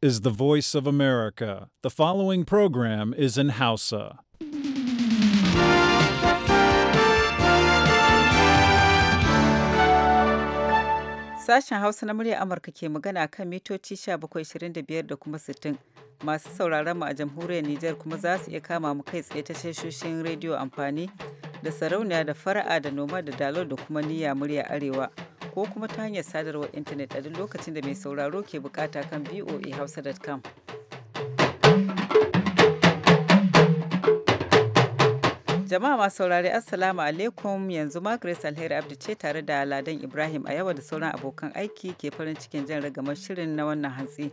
is the voice of America. The following program is in Hausa. Sashen Hausa na murya Amurka ke magana kan mitoci 1725 da kuma 60. Masu sauraron mu a jamhuriyar Nijar kuma za su iya kama mu kai tsaye ta shashoshin rediyo amfani da sarauniya da fara'a da noma da dalo da kuma niyya murya arewa. ko kuma ta hanyar sadarwar intanet a duk lokacin da mai sauraro ke bukata kan voahausa.com. jama'a masu saurari assalamu alaikum yanzu ma alheri abdu ce tare da ladan ibrahim a yawa da sauran abokan aiki ke farin cikin jan ragamar shirin na wannan hantsi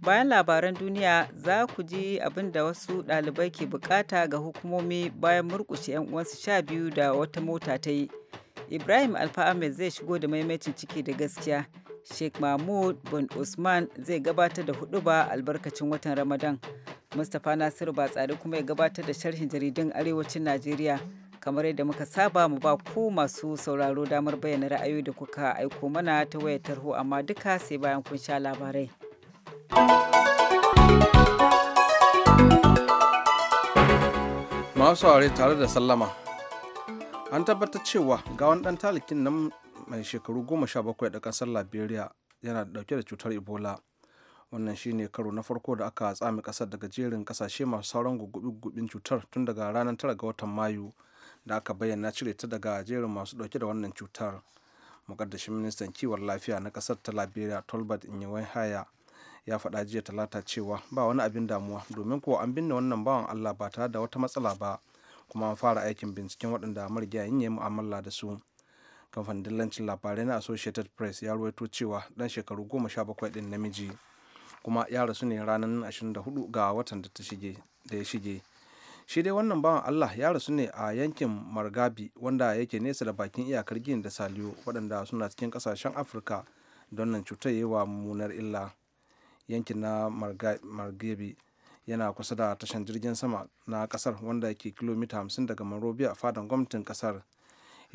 bayan labaran duniya za ku ji abin da wasu ɗalibai ke bukata ga hukumomi bayan murkushe 'yan uwansu sha biyu da wata mota ta yi Ibrahim Alfa Ahmed zai shigo da maimacin ciki da gaskiya. Sheikh Mahmud bin Usman zai gabatar da huduba albarkacin watan Ramadan. Mustapha Nasiru Batsari kuma ya gabatar da sharhin jaridun Arewacin Najeriya. Kamar yadda muka saba mu ba ku masu sauraro damar bayyana ra'ayoyi da kuka aiko mana ta wayar tarho amma duka sai bayan kun sha labarai. Masu tare da sallama an tabbatar cewa gawan dan talikin nan mai shekaru goma sha bakwai da kasar liberia yana dauke da cutar ebola wannan shine karo na farko da aka tsami kasar daga jerin kasashe masu sauran gugubin cutar tun daga ranar tara ga watan mayu da aka bayyana cire ta daga jerin masu dauke da wannan cutar mukaddashin ministan kiwon lafiya na kasar ta liberia tolbert inyewen haya ya faɗa jiya talata cewa ba wani abin damuwa domin kuwa an binne wannan bawan allah ba tare da wata matsala ba kuma an fara aikin binciken waɗanda marigayin ya yi mu'amala da su kamfanin dillancin labarai na associated press ya ruwaito cewa dan shekaru goma sha bakwai ɗin namiji kuma ya rasu ne ranar 24 ga watan da ta shige da ya shige shi dai wannan bawan allah ya rasu ne a yankin margabi wanda yake nesa da bakin iyakar gini da saliyo waɗanda suna cikin kasashen afirka don nan cutar yi wa mummunar illa yankin na margabi yana kusa da tashan jirgin sama na kasar wanda yake kilomita 50 daga Monrovia a fadan gwamnatin kasar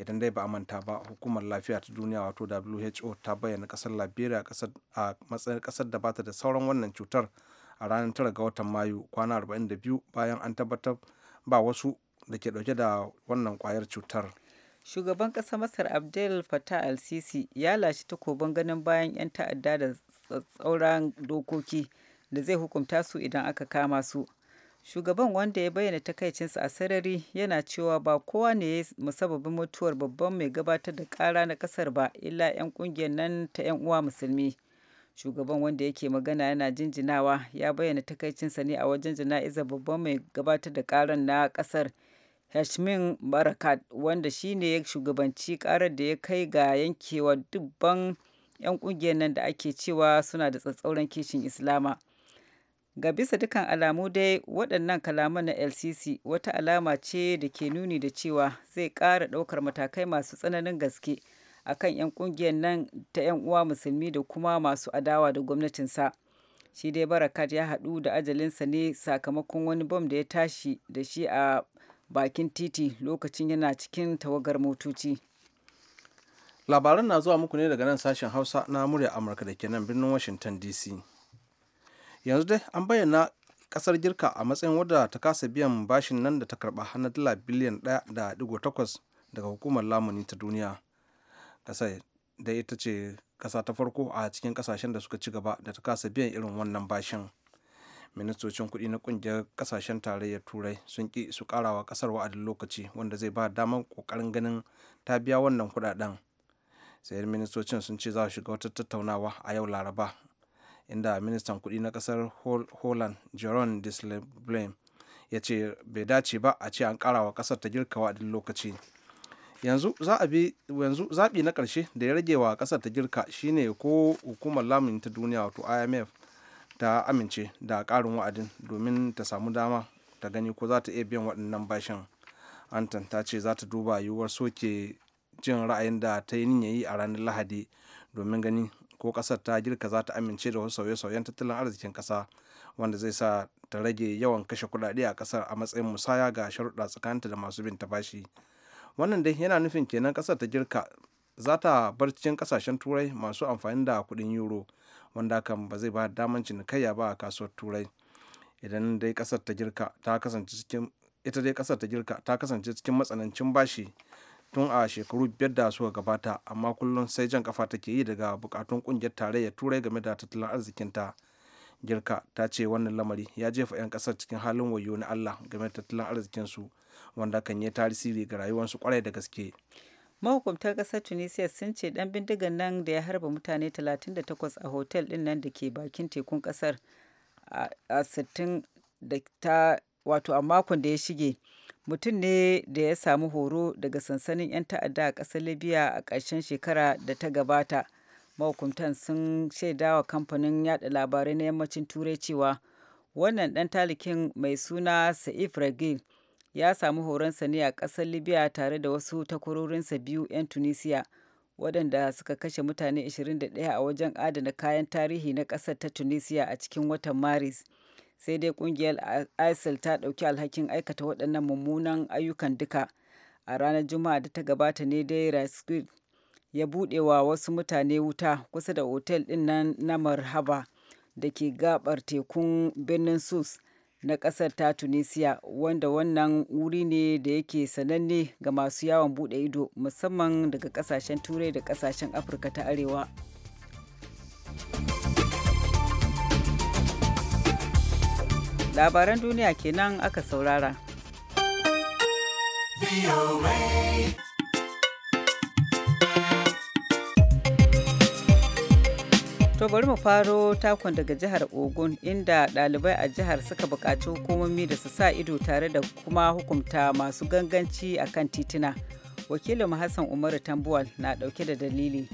idan dai ba a manta ba hukumar lafiya ta duniya wato WHO ta bayyana kasar Liberia a matsayin kasar da bata da sauran wannan cutar a ranar 9 ga watan Mayu kwana 42 bayan an tabbatar ba wasu da ke dauke da wannan kwayar cutar. Shugaban ƙasar Masar Abdel fatah al-Sisi ya lashe takobin ganin bayan 'yan ta'adda da tsauran dokoki. da zai hukunta su idan aka kama su shugaban wanda ya bayyana takaicinsa a sarari yana cewa ba kowa ne ya musababin mutuwar babban mai gabatar da kara na kasar ba illa 'yan kungiyar nan ta 'yan uwa musulmi shugaban wanda yake magana yana jinjinawa ya bayyana takaicinsa ne a wajen jana'izar babban mai gabatar da karan na kasar hashmin barakat wanda shine ya shugabanci karar da ya kai ga yankewa dubban 'yan kungiyar nan da ake cewa suna da tsatsauran kishin islama ga bisa dukan alamu dai waɗannan kalaman na lcc wata alama ce da ke nuni da cewa zai ƙara ɗaukar matakai masu tsananin gaske a kan 'yan ƙungiyar nan ta 'yan uwa musulmi da kuma masu adawa da gwamnatinsa shi dai barakat ya haɗu da ajalinsa ne sakamakon wani bom da ya tashi da shi a bakin titi lokacin yana cikin tawagar motoci labaran na zuwa muku ne daga nan sashen hausa na murya amurka da ke nan birnin washington dc yanzu dai an bayyana kasar girka a matsayin wadda ta kasa biyan bashin nan da ta karba na dala biliyan 1.8 daga hukumar lamuni ta duniya kasar da ita ce kasa ta farko a cikin kasashen da suka ci gaba da ta kasa biyan irin wannan bashin ministocin kuɗi na ƙungiyar kasashen tarayyar turai sun ƙi su karawa kasar wa'adin lokaci wanda zai ba damar kokarin ganin ta biya wannan kuɗaɗen sayar ministocin sun ce za su shiga wata tattaunawa a yau laraba inda ministan kuɗi na ƙasar holland jeron disselblem ya ce bai dace ba a ce an karawa ƙasar ta girkawa a lokaci yanzu zaɓi na ƙarshe da ya rage wa ƙasar ta girka shine ko hukumar lamunin ta duniya wato imf ta amince da ƙarin wa'adin domin ta samu dama ta gani ko za ta iya biyan waɗannan bashin an ta ce za ta duba yiwuwar soke jin ra'ayin da ta yi yi a ranar lahadi domin gani ko kasar ta girka za ta amince da wasu sauye-sauyen tattalin arzikin kasa wanda zai sa ta rage yawan kashe kuɗaɗe a kasar a matsayin musaya ga sharuɗa tsakaninta da masu bin ta bashi wannan dai yana nufin kenan kasar ta girka za ta bar cikin kasashen turai masu amfani da kuɗin euro wanda hakan ba zai ba daman cinikayya ba a kasuwar turai idan dai kasar ta girka ta kasance cikin ita dai kasar ta girka ta kasance cikin matsanancin bashi tun a shekaru biyar da suka gabata amma kullum sai jan kafa take yi daga bukatun kungiyar tarayyar turai game da tattalin arzikinta girka ta ce wannan lamari ya jefa 'yan kasar cikin halin wayo na allah game da tattalin arzikinsu wanda kan yi tarisiri ga rayuwarsu kwarai da gaske mahukuntar kasar tunisia sun ce dan bindigan nan da ya harba mutane 38 a hotel din nan da ke bakin tekun kasar a 60 da ta wato a makon da ya shige mutum ne da ya samu horo daga sansanin 'yan ta'adda a ƙasar libya a ƙarshen shekara da ta gabata mahukuntan sun shaidawa kamfanin yada labarai na yammacin turai cewa wannan ɗan talikin mai suna sa'if ragil ya samu horonsa ne a ƙasar libya tare da wasu takwarorinsa biyu 'yan tunisia waɗanda suka kashe mutane 21 a wajen adana kayan tarihi na ƙasar ta tunisia a cikin watan maris sai dai kungiyar isil ta ɗauki alhakin aikata waɗannan mummunan ayyukan duka a ranar juma'a da ta gabata ne dai rasquil ya buɗe wa wasu mutane wuta kusa da otel ɗin nan na marhaba da ke gabar tekun birnin sus na ƙasar ta tunisia wanda wannan wuri ne da yake sananne ga masu yawon buɗe ido musamman daga ƙasashen turai da ƙasashen afirka ta arewa labaran duniya kenan aka saurara To bari mu faro takon daga jihar Ogun inda ɗalibai a jihar suka buƙaci hukumomi da su sa ido tare da kuma hukumta masu ganganci a kan tituna Wakilin Hassan Umaru Tambuwal na ɗauke da dalili.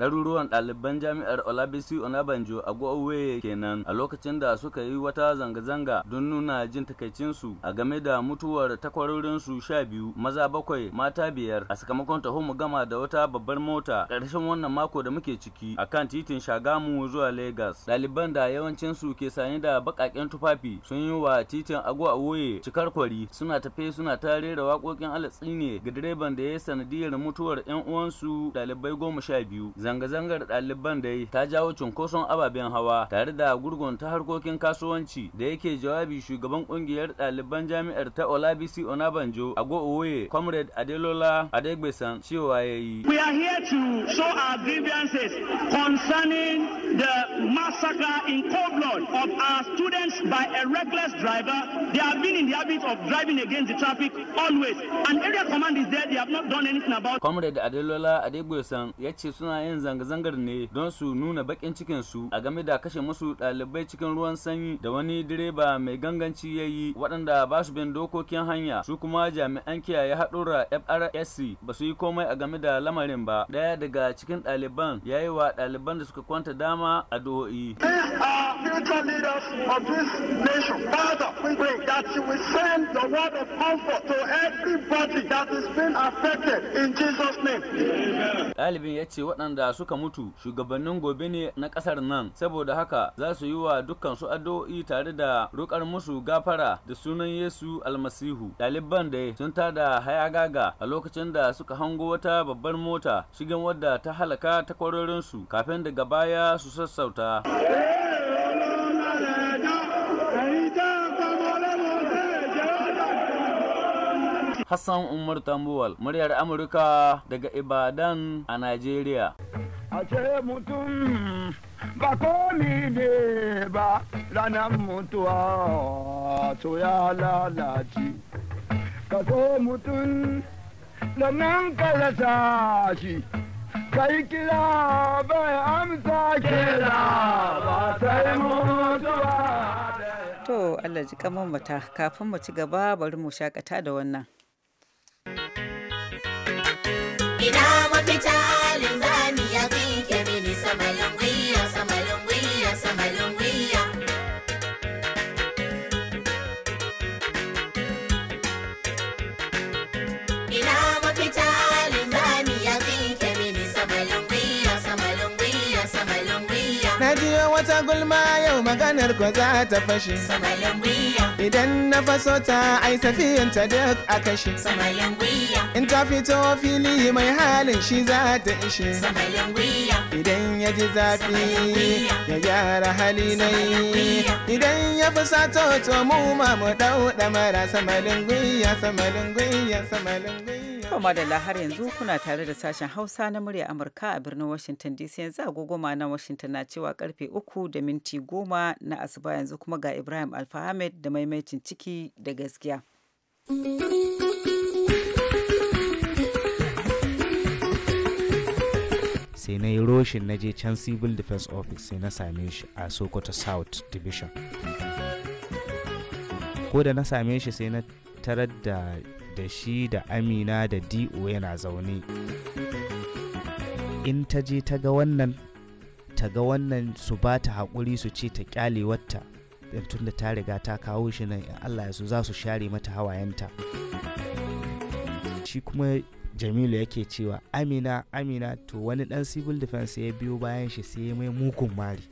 Ɗaruruwan ɗaliban jami'ar Olabisi Onabanjo a Gowe kenan a lokacin da suka yi wata zanga-zanga don nuna jin takaicinsu a game da mutuwar takwarorinsu sha biyu maza bakwai mata biyar a sakamakon taho mu gama da wata babbar mota ƙarshen wannan mako da muke ciki a kan titin Shagamu zuwa Legas. Ɗaliban da yawancinsu ke sanye da baƙaƙen tufafi sun yi wa titin Agwa Awoye cikar kwari suna tafe suna ta rera waƙoƙin alatsi ne ga direban da ya yi sanadiyar mutuwar 'yan uwansu ɗalibai goma sha biyu. zanga-zangar ɗaliban da ta jawo cunkoson ababen hawa tare da gurgun ta harkokin kasuwanci da yake jawabi shugaban ƙungiyar ɗaliban jami'ar ta Olabisi Onabanjo a Owoye Comrade Adelola Adegbesan cewa yayi. We are here to show our grievances concerning the massacre in cold blood of our students by a reckless driver. They have been in the habit of driving against the traffic always. an area command is there, they have not done anything about. Comrade Adelola Adegbesan ya ce suna yin zanga-zangar ne don su nuna bakin cikin su a game da kashe musu dalibai cikin ruwan sanyi da wani direba mai ganganci ya yi waɗanda ba su bin dokokin hanya su kuma jami'an kiyaye haɗura FRSC ba su yi komai a game da lamarin ba daya daga cikin ɗaliban ya yi wa ɗaliban da suka kwanta dama a doho'i. Ɗalibin ya ce waɗanda suka mutu shugabannin gobe ne na kasar nan saboda haka za su yi wa dukkan su addu'o'i tare da roƙar musu gafara da sunan Yesu almasihu ɗaliban da sun tada hayagaga a lokacin da suka hango wata babbar mota shigan wadda ta halaka ta kwarorin su kafin daga baya su sassauta. Hassan Umar Tambuwal, muryar Amurka daga Ibadan a Najeriya. Ashe mutum ba komi ne ba ranar mutuwa to ya lalace. Ka so mutum da nan ka shi. kai kira bai amsa kira ba sai mutuwa. To Allah ji kaman mata kafin mu ci gaba bari mu shakata da wannan. maganar ko za ta fashe idan na faso ta ai safiyin ta duk a kashe in ta fito fili mai halin shi za ta ishe idan ya ji zafi ya gyara hali yi idan ya fi sato to mu ma mu ɗauɗa marasa samalin gwiya samalin gwiya samalin gwiya To da lahar yanzu kuna tare da sashen Hausa na murya Amurka a birnin Washington DC yanzu agogoma na Washington na cewa karfe uku da minti goma na asuba yanzu kuma ga Ibrahim Alfahamed da maimaitin ciki da gaskiya. sai na yi roshin na je can civil defense office sai na same shi a sokoto south division ko da na same shi sai na tarar da da shi da amina da do yana zaune in ta je ta ga wannan ta ga wannan su ba ta haƙuri su ce ta ƙyale wata tun da ta riga ta kawo shi nan in allah ya su za su share mata hawayenta shi kuma jamilu yake cewa amina amina to wani dan civil defense ya biyo bayan shi sai ya mai mukun mari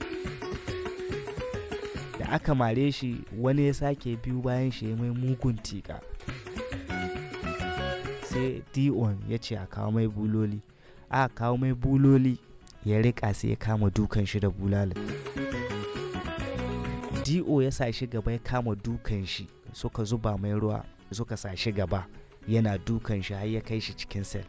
da aka mare shi wani ya sake biyu bayan shi ya mai mugun tika sai d1 ya ce a kawo mai buloli a kawo mai buloli ya rika sai ya kama dukan shi da bulalin do ya sa shi gaba ya kama dukan shi suka zuba mai ruwa suka sa shi gaba yana dukan shi har ya kai shi cikin sel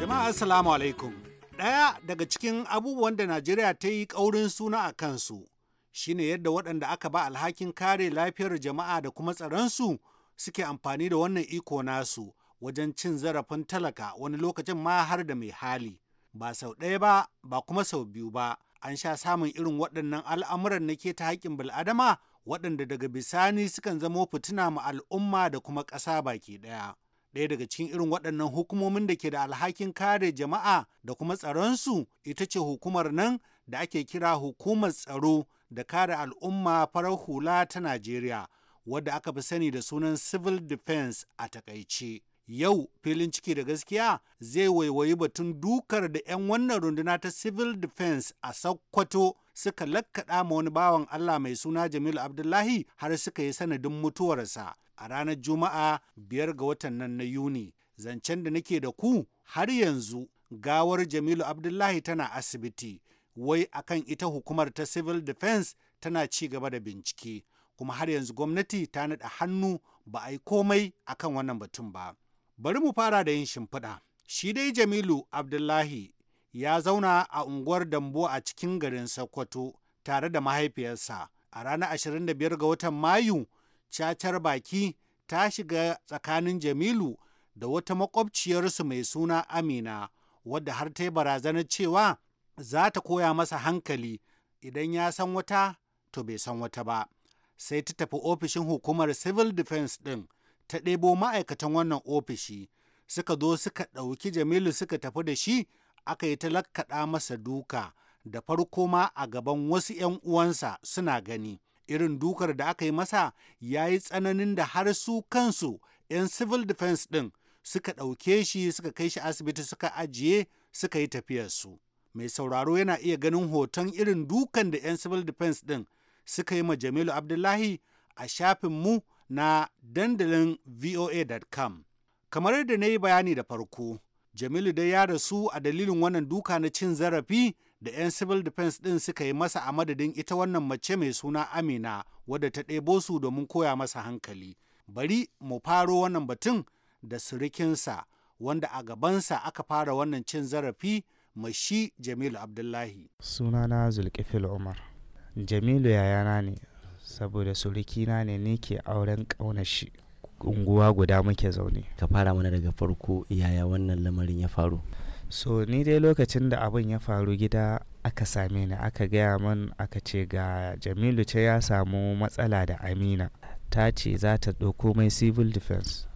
jama'a assalamu alaikum ɗaya daga cikin abubuwan da najeriya ta yi ƙaurin suna a kansu shine yadda waɗanda aka ba alhakin kare lafiyar jama'a da kuma tsaronsu suke amfani da wannan iko nasu wajen cin zarafin talaka wani lokacin ma har da mai hali. Ba sau ɗaya ba, ba kuma sau biyu ba, an sha samun irin waɗannan al'amuran na ke ta haƙƙin bil'adama waɗanda daga bisani sukan zamo fitina ma al'umma da kuma ƙasa baki ɗaya. Ɗaya daga cikin irin waɗannan hukumomin da ke da alhakin kare jama'a da kuma tsaronsu ita ce hukumar nan da ake kira hukumar tsaro da kare al'umma farar hula ta Najeriya. wadda aka fi sani da sunan civil defense a takaice. Yau filin ciki da gaskiya zai waiwayi batun dukar da 'yan wannan runduna ta civil defense a Sokoto suka lakkaɗa ma wani bawan Allah mai suna Jamilu Abdullahi har suka yi sanadin mutuwarsa a ranar Juma'a biyar ga watan nan na Yuni. Zancen da nake da ku har yanzu gawar Jamilu Abdullahi tana asibiti, wai akan ita hukumar ta civil defense tana ci gaba da bincike. kuma har yanzu gwamnati ta naɗa hannu ba a yi komai a kan wannan batun ba. Bari mu fara da yin shimfiɗa. Shi dai Jamilu Abdullahi ya zauna a unguwar Dambo a cikin garin Sokoto tare da mahaifiyarsa. A ranar 25 ga watan Mayu, cacar baki ta shiga tsakanin Jamilu da wata makwabciyarsu mai suna Amina, wadda har ta yi barazanar cewa za ta koya masa hankali idan ya san wata to bai san wata ba. sai ta tafi ofishin hukumar civil defense ɗin ta ɗebo ma'aikatan wannan ofishi suka zo suka ɗauki jamilu suka tafi da shi aka yi talakkaɗa masa duka da farko ma a gaban wasu 'yan uwansa suna gani irin dukar da aka yi masa ya yi tsananin da har su kansu 'yan civil defense ɗin suka ɗauke shi suka kai shi asibiti suka ajiye suka yi tafiyarsu mai sauraro yana iya ganin hoton irin dukan da 'yan civil defense ɗin suka yi ma Jamilu Abdullahi a shafin mu na dandalin voa.com. Kamar yadda na yi bayani da farko, Jamilu dai ya rasu a dalilin wannan duka na cin zarafi da 'yan civil defense ɗin suka yi masa a madadin ita wannan mace mai suna Amina wadda ta ɗebo su domin koya masa hankali. Bari mu faro wannan batun da surikinsa wanda a gabansa aka fara wannan cin zarafi mashi Jamilu Abdullahi. Sunana Zulkifil Umar. jamilu yayana ne saboda surukina ne ni ke auren ƙaunar shi unguwa guda muke zaune ka fara mana daga farko yaya wannan lamarin ya faru so ni dai lokacin da abin ya faru gida aka same ni aka gaya min aka ce ga jamilu ce ya samu matsala da amina ta ce za ta ɗauko mai civil defense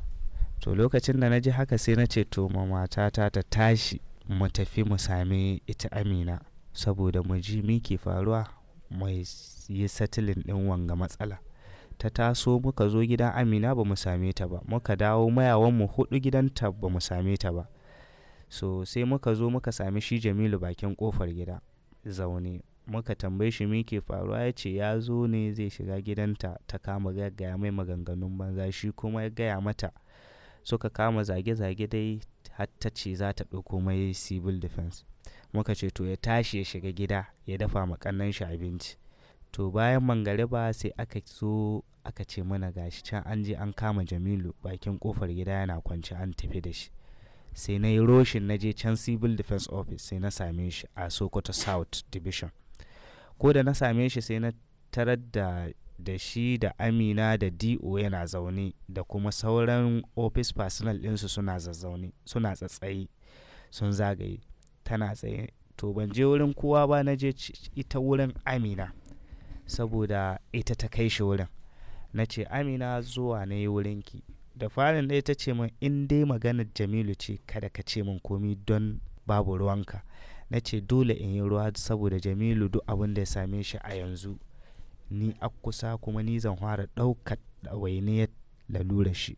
to lokacin da na ji haka sai na ce to ma matata ta tashi mu tafi mu same ita amina saboda mu ji mi ke faruwa mai yi settling ɗin wanga matsala ta taso muka zo gidan amina ba mu same ta ba muka dawo mayawan mu hudu gidanta ba mu same ta ba so sai muka zo muka sami shi jamilu bakin kofar gida zaune muka tambaye shi me faruwa ya ce ya zo ne zai shiga gidanta ta kama gaggaya mai maganganun banza shi kuma ya gaya mata suka kama zage-zage dai har ta ce za ta ɗauko mai civil defense muka ce to ya tashi ya shiga gida ya dafa ma shi abinci to bayan mangariba sai aka zo aka ce mana gashi can an je an kama jamilu bakin kofar gida yana kwance an tafi da shi sai na yi roshin na je can civil defense office sai na same shi a sokoto south division ko da na same shi sai na tarar da da shi da amina da do yana zaune da kuma sauran office personnel ɗinsu suna zazzaune suna tsatsaye sun zagaye tana tsaye to ban je wurin kowa ba na je ita wurin amina saboda ita ta kai shi wurin na ce amina zuwa na yi ki da farin ɗaya ta ce min in dai maganar jamilu ce kada ka ce min komi don babu ruwanka na ce dole in yi ruwa saboda jamilu duk abin da ya same shi a yanzu ni a kusa kuma ni zan fara ɗaukar ɗawainiyar lalurar shi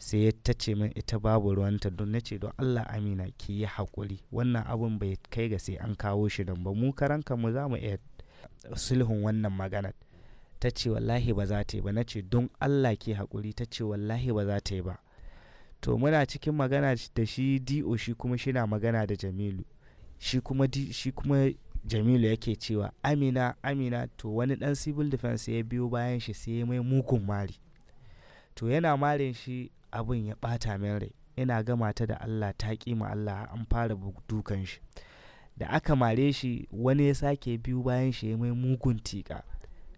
sai ta ce min ita babu ruwanta don na ce don Allah amina ki yi haƙuri wannan abun bai kai ga sai an kawo shi don ba mu karanka mu za mu iya sulhun wannan magana ta ce wallahi ba za ta yi ba na ce don Allah ki haƙuri ta ce wallahi ba za ta yi ba to muna cikin magana da shi do shi kuma shi na magana da jamilu shi kuma shi kuma jamilu yake cewa amina amina to wani dan civil defense ya biyo bayan shi sai ya mai mugun mari to yana marin shi abin ya ɓata min rai ina gama ta da Allah ta kima Allah an fara dukan shi da aka mare shi wani ya sake biyu bayan shi ya mai mugun tiƙa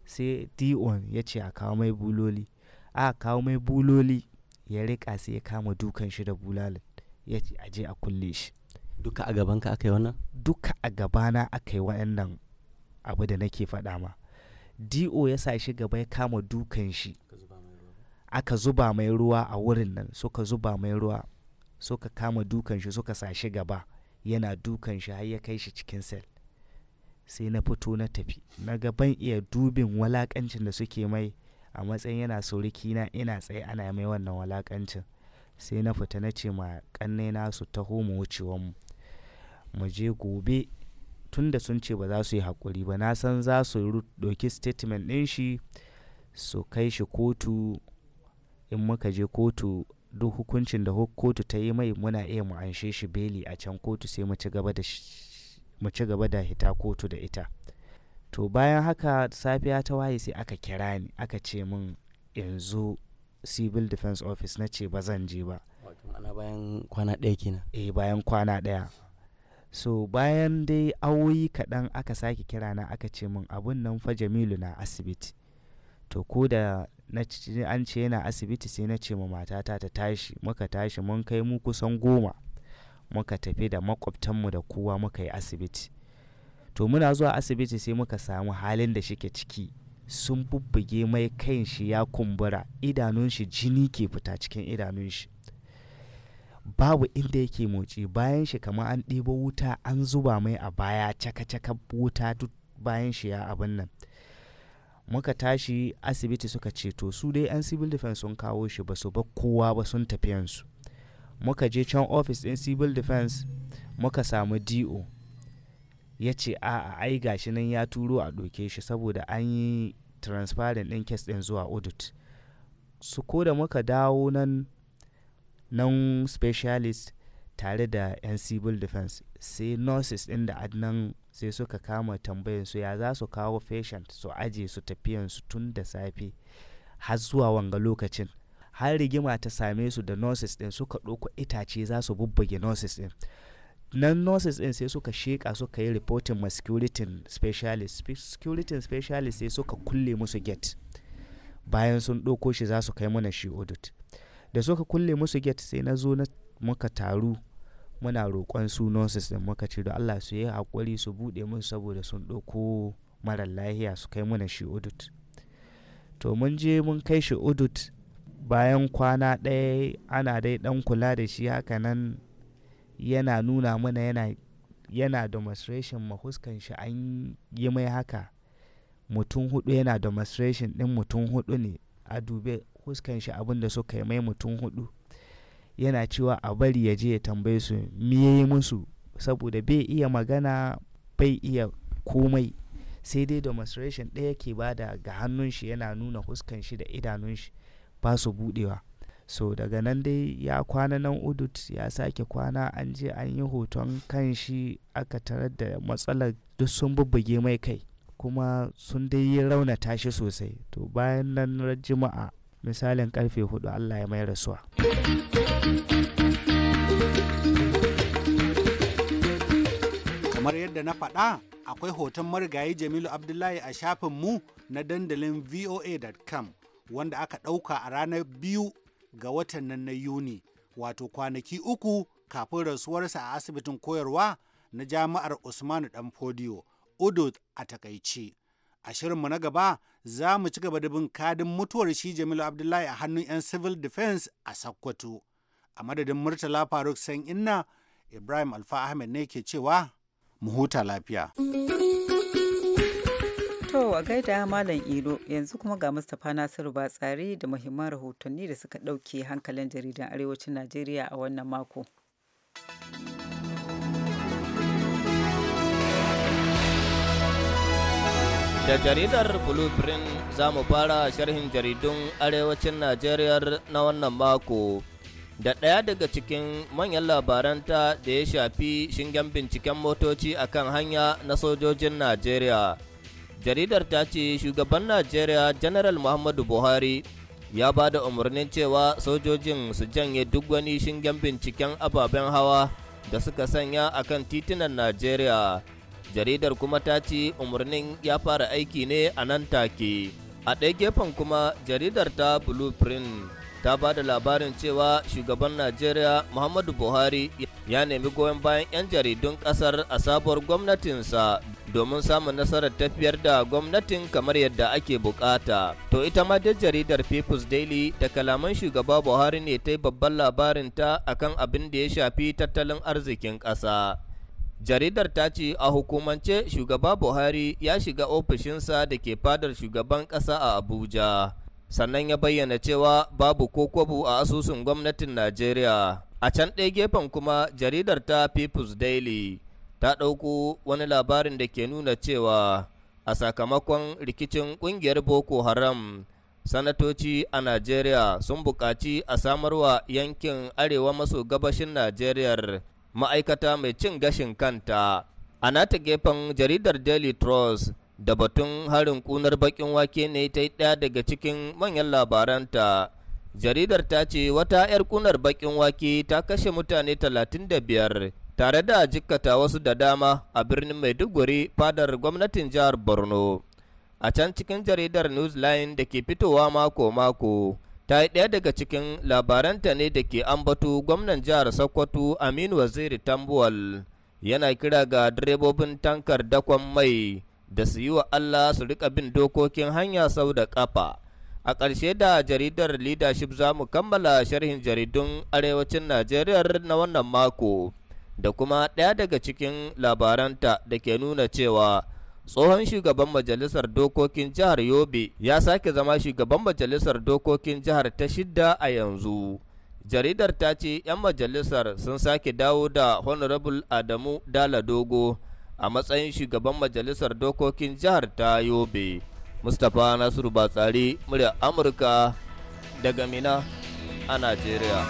sai dion ya ce a kawo mai buloli a kawo mai buloli ya rika sai ya kama dukan shi da bulalin ya ce a je a kulle shi duka a gabanka aka yi wannan duka a gabana aka yi wa'annan abu da nake faɗa ma do ya sa shi gaba ya kama dukan shi aka zuba mai ruwa a wurin nan suka zuba mai ruwa suka kama dukan shi suka sa shi gaba yana dukan shi har ya kai shi cikin sel sai na fito na tafi na gaban iya dubin walakancin da suke mai a matsayin yana suriki na ina tsaye ana mai wannan walakancin sai na fita na ce ma kanne na su taho mu wucewan mu je gobe tun da sun ce ba za su yi haƙuri ba na san za su doki statement ɗin shi su kai shi kotu in muka je kotu duk hukuncin da kotu ta yi mai muna iya mu anshe shi beli a can kotu sai mu ci gaba da hita kotu da ita to bayan haka safiya ta waye sai aka kira ni aka ce min yanzu civil defense office na ce ba zan je ba bayan kwana ɗaya kina eh bayan kwana ɗaya so bayan dai awoyi kaɗan aka sake kira na aka ce min abun nan fa jamilu na asibiti to ko da na an ce yana asibiti sai na ce ma matata ta tashi muka tashi mun kai mu kusan goma muka tafi da makwabtanmu da kowa muka yi asibiti to muna zuwa asibiti sai muka samu halin da shike ciki sun bubbuge mai kan shi ya kumbura idanun shi jini ke fita cikin idanun shi babu inda yake motsi bayan shi kamar an ɗebo wuta an zuba mai a baya caka-caka wuta duk bayan shi ya abin nan muka tashi asibiti suka ce to su dai 'yan civil defense sun kawo shi ba su ba kowa ba sun tafi yansu muka je can office ɗin civil defense muka samu do ya ce a ai gashi nan ya turo a doke shi saboda an yi transparent ɗin kes ɗin zuwa audit su ko da muka dawo nan nan specialist tare da 'yan civil defense sai nurses ɗin da adnan sai suka kama tambayin su ya za su kawo patient su aje su tafiyan su tun da safe har zuwa wanga lokacin har rigima ta same su da nurses din suka ɗauko itace za su bubbuge nurses din nan nurses din sai suka sheka suka yi reporting ma security specialist security specialist sai suka kulle musu gate bayan sun ɗauko shi za su kai mana shi audit da suka kulle musu gate sai na zo na muka taru muna roƙon su da muka ce da Allah su yi haƙuri su buɗe mun saboda sun ɗauko marar lahiya su kai mana shi udut to mun je mun kai shi udut bayan kwana ɗaya ana dai ɗan kula da shi haka nan yana nuna mana yana yana demonstration mahuskan shi an yi mai haka mutum hudu yana demonstration ɗin mutum hudu ne a dube huskan shi abin da suka yi mai mutum hudu yana cewa a bari ya je ya tambaye su miye musu saboda bai iya magana bai iya komai sai dai demonstration ɗaya ke bada ga hannun shi yana nuna huskan shi da idanun shi ba su budewa so daga nan dai ya kwana nan udut ya sake kwana an je an yi hoton kan shi aka tarar da matsalar duk sun bubbuge mai kai kuma sun dai yi raunata shi sosai to bayan nan juma'a misalin karfe hudu allah ya mai rasuwa kamar yadda na faɗa akwai hoton marigayi jamilu abdullahi a shafin mu na dandalin voa.com wanda aka ɗauka a ranar biyu ga watan nan na yuni wato kwanaki uku kafin rasuwarsa a asibitin koyarwa na jami'ar usmanu danfodiyo udud a takaice A shirinmu na gaba za mu ci gaba da bin kadin mutuwar shi Jamilu Abdullahi a hannun 'yan Civil Defense a Sokoto. A madadin Murtala Faruk San Inna, Ibrahim Alfa Ahmed ne ke cewa mu huta lafiya. To a gaida Malam ido yanzu kuma ga Mustapha Nasiru ba tsari da muhimman rahotanni da suka ɗauke hankalin jaridan Arewacin Najeriya a wannan mako. Da jaridar Blueprint za mu fara sharhin jaridun arewacin Najeriya na wannan mako. Da ɗaya daga cikin manyan labaranta da ya shafi shingen binciken motoci a kan hanya na sojojin Najeriya. Jaridar ta ce shugaban Najeriya General Muhammadu Buhari ya ba da umarnin cewa sojojin su janye duk wani shingen binciken ababen hawa da suka sanya akan titunan Najeriya. jaridar kuma ta ce umarnin ya fara aiki ne a nan take a ɗaya gefen kuma jaridar ta blueprint ta ba da labarin cewa shugaban najeriya muhammadu buhari ya nemi goyon bayan 'yan jaridun ƙasar a sabuwar gwamnatinsa domin samun nasarar tafiyar da gwamnatin kamar yadda ake bukata to ita ma da jaridar people's daily da kalaman shugaba buhari ne ta yi babban labarinta akan abin da ya shafi tattalin arzikin ƙasa jaridar ta ce a hukumance shugaba buhari ya shiga ofishinsa da ke fadar shugaban ƙasa a abuja sannan ya bayyana cewa babu ko a asusun gwamnatin najeriya a can ɗaya gefen kuma jaridar ta people's daily ta ɗauko wani labarin da ke nuna cewa a sakamakon rikicin ƙungiyar boko haram sanatoci a najeriya sun buƙaci a samarwa yankin arewa maso gabashin najeriya ma'aikata mai cin gashin kanta a nata gefen jaridar daily trust da batun harin kunar bakin wake ne ta yi ɗaya daga cikin manyan labaranta jaridar ta ce wata 'yar kunar bakin wake ta kashe mutane 35 tare da jikkata wasu da dama a birnin maiduguri fadar gwamnatin jihar borno a can cikin jaridar newsline da ke fitowa mako-mako ta yi ɗaya daga cikin labaranta ne da ke ambato gwamnan jihar Sokoto Aminu Waziri Tambuwal yana kira ga direbobin tankar dakon mai da su yi wa Allah su rika bin dokokin hanya sau da ƙafa. A ƙarshe da jaridar leadership za mu kammala sharhin jaridun arewacin Najeriya na wannan mako da kuma ɗaya daga cikin labaranta da ke nuna cewa tsohon shugaban majalisar dokokin jihar yobe ya sake zama shugaban majalisar dokokin jihar ta shidda a yanzu jaridar ta ce 'yan majalisar sun sake dawo da honorable adamu dala dogo a matsayin shugaban majalisar dokokin jihar ta yobe mustapha nasiru batsari murya amurka daga mina a nigeria.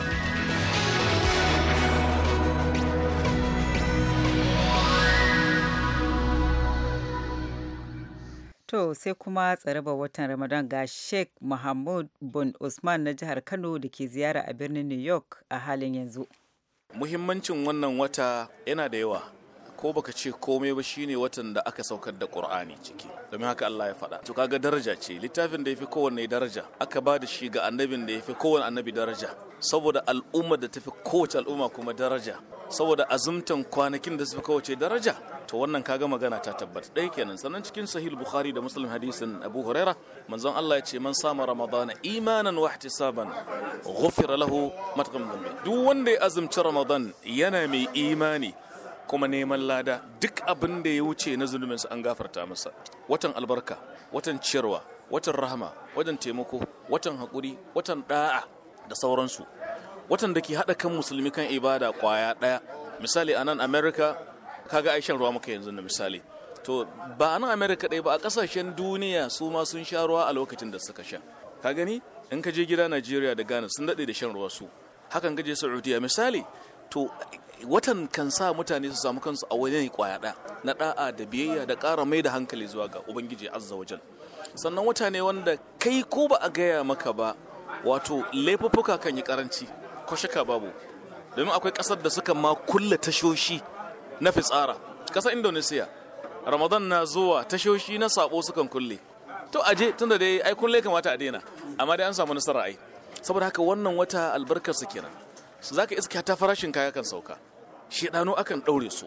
To sai kuma tsaraba watan Ramadan ga Sheikh Mohammed bin Usman na jihar Kano da ke ziyara a birnin New York a halin yanzu. Muhimmancin wannan wata yana da yawa. ko baka ce komai ba shine watan da aka saukar da Qur'ani ciki domin haka Allah ya faɗa to kaga daraja ce littafin da yafi kowanne daraja aka ba da shi ga annabin da yafi kowanne annabi daraja saboda al'umma da tafi kowace al'umma kuma daraja saboda azumtan kwanakin da suka kowace daraja to wannan kaga magana ta tabbata ɗaya kenan sannan cikin sahih bukhari da muslim hadisin abu huraira manzon Allah ya ce man sama ramadana imanan wa ihtisaban ghufira lahu matqam duk wanda ya azumci ramadan yana mai imani kuma neman lada duk abin da ya wuce na su an gafarta masa watan albarka watan ciyarwa watan rahama watan taimako watan haƙuri watan ɗa'a da sauransu watan da ke haɗa kan musulmi kan ibada kwaya ɗaya misali a nan amerika kaga aishan ruwa muka yanzu na misali to ba a nan amerika ɗaya ba a ƙasashen duniya su ma sun sha ruwa a lokacin da suka sha ka gani in ka je gida najeriya da ghana sun daɗe da shan ruwa su hakan gaje saudiya misali to watan kan sa mutane su samu kansu a wani kwaya na ɗa'a da biyayya da ƙara mai da hankali zuwa ga ubangiji azza wajen. sannan mutane wanda kai ko ba a gaya maka ba wato laifuffuka kan yi karanci ko shaka babu domin akwai ƙasar da suka ma kulle tashoshi na fitsara ƙasar indonesiya ramadan na zuwa tashoshi na sabo sukan kulle to aje tunda dai ai kulle kamata a daina amma dai an samu nasara ai saboda haka wannan wata albarkar su kenan su zaka iska ta farashin kaya kan sauka shedano akan ɗaure su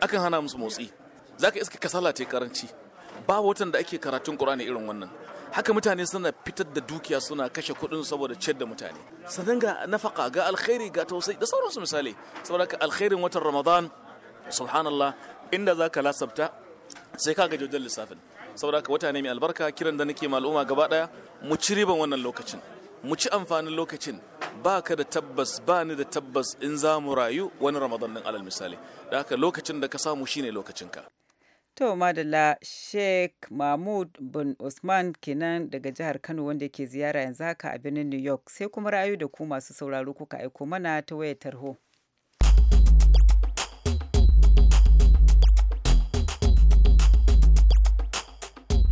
akan hana musu motsi za ka iska kasala ta karanci ba watan da ake karatun qur'ani irin wannan haka mutane suna fitar da dukiya suna kashe kuɗin saboda ciyar da mutane sannan ga nafaka ga alkhairi ga tausayi da sauransu misali saboda ka alkhairin watan ramadan subhanallah inda za ka lasafta sai ka ga jojon lissafin saboda ka wata ne mai albarka kiran da nake ma al'umma gaba ɗaya mu ci riban wannan lokacin mu ci amfanin lokacin ba ka da tabbas ba ni da tabbas in za mu rayu wani ramadan din alal misali da haka lokacin da ka samu shine lokacin lokacinka to madalla sheikh mahmud bin usman kenan daga jihar kano wanda ke ziyara yanzu haka a birnin new york sai kuma rayu da ku masu sauraro kuka aiko mana ta wayar tarho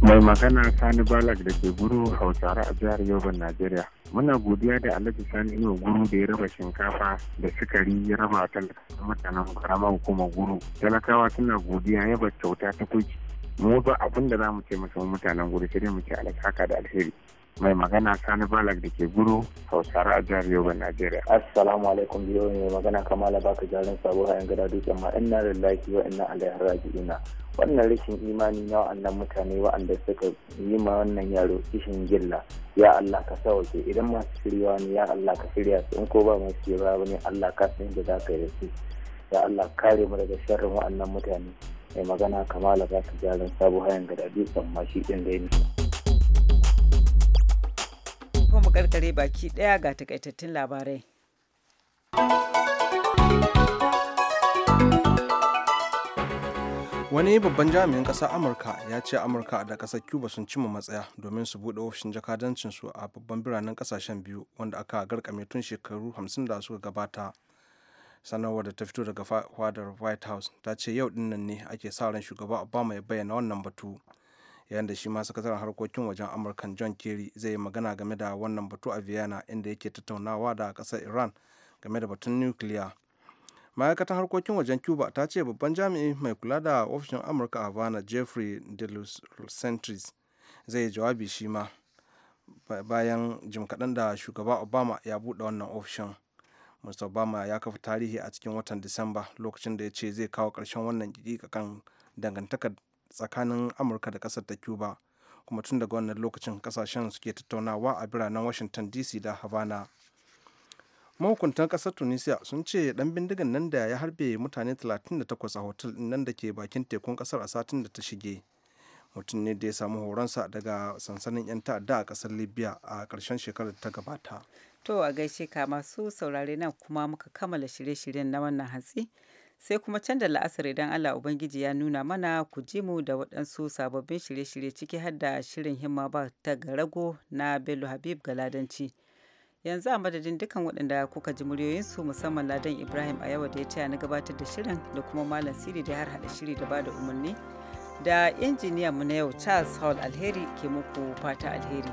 mai magana sani balak da ke guru hausare a jihar yoban najeriya muna godiya da alhaji sani ino guru da ya raba shinkafa da sukari ya raba talakawa mutanen karama hukumar guru talakawa suna godiya ya ba kyauta ta kuki mu ba abin da za mu ce masa mutanen guru sai dai mu ce alhaka da alheri mai magana sani balak da ke guru hausare a jihar yobe najeriya assalamu alaikum biyo mai magana kamala baka jarin sabo hayan gada dutsen ma ina laki wa ina alaihi ina wannan rashin imani na wa'annan mutane wa'anda suka yi ma wannan yaro kishin gilla ya Allah ka sauke idan masu shiryawa ne ya Allah ka shirya su in ko ba masu shirya ba ne Allah ka san da za ka yi da su ya Allah kare mu daga sharrin wa'annan mutane mai magana kamala za ka jarin sabo hayan gada dutsen shi ɗin da ya Kuma baki ɗaya ga takaitattun labarai. wani babban jami'in kasa amurka ya ce amurka da ƙasar cuba sun cimma matsaya domin su buɗe ofishin jakadancinsu a babban biranen kasashen biyu wanda aka garkame tun shekaru 50 da suka gabata sanarwar da ta fito daga fadar white house ta ce yau din nan ne ake sa ran shugaba obama ya bayyana wannan batu yayin da shi ma sakataren harkokin wajen amurkan john kerry zai yi magana game da wannan batu a vienna inda yake tattaunawa da kasar iran game da batun nukiliya ma'aikatar harkokin wajen cuba ta ce babban jami'i mai kula da ofishin amurka a havana jeffrey de los centris zai jawabi shi ma bayan jim kaɗan da shugaba obama ya buɗe wannan ofishin mr obama ya kafa tarihi a cikin watan disamba lokacin da ya ce zai kawo ƙarshen wannan kan dangantaka tsakanin amurka da ƙasar ta cuba kuma tun daga wannan lokacin kasashen suke tattaunawa a biranen washington dc da havana mahukuntan kasar tunisia sun ce dan bindigan nan da ya harbe mutane 38 a hotel nan da ke bakin tekun kasar a satin da ta shige mutum ne da ya samu horonsa daga sansanin 'yan ta'adda a kasar libya a karshen shekarar ta gabata to a gaishe ka masu saurare nan kuma muka kammala shirye-shiryen na wannan hatsi sai kuma canza da la'asar idan allah ubangiji ya nuna mana ku ji mu da waɗansu sababbin shirye-shirye ciki har da shirin himma ba ta garago na bello habib ga ladanci. yanzu a madadin dukkan waɗanda kuka ji muryoyinsu musamman ladan ibrahim a yawa da ya taya na gabatar da shirin da kuma malam siri da har hada shiri da bada umarni da injiniyan mu na yau charles hall alheri ke muku fata alheri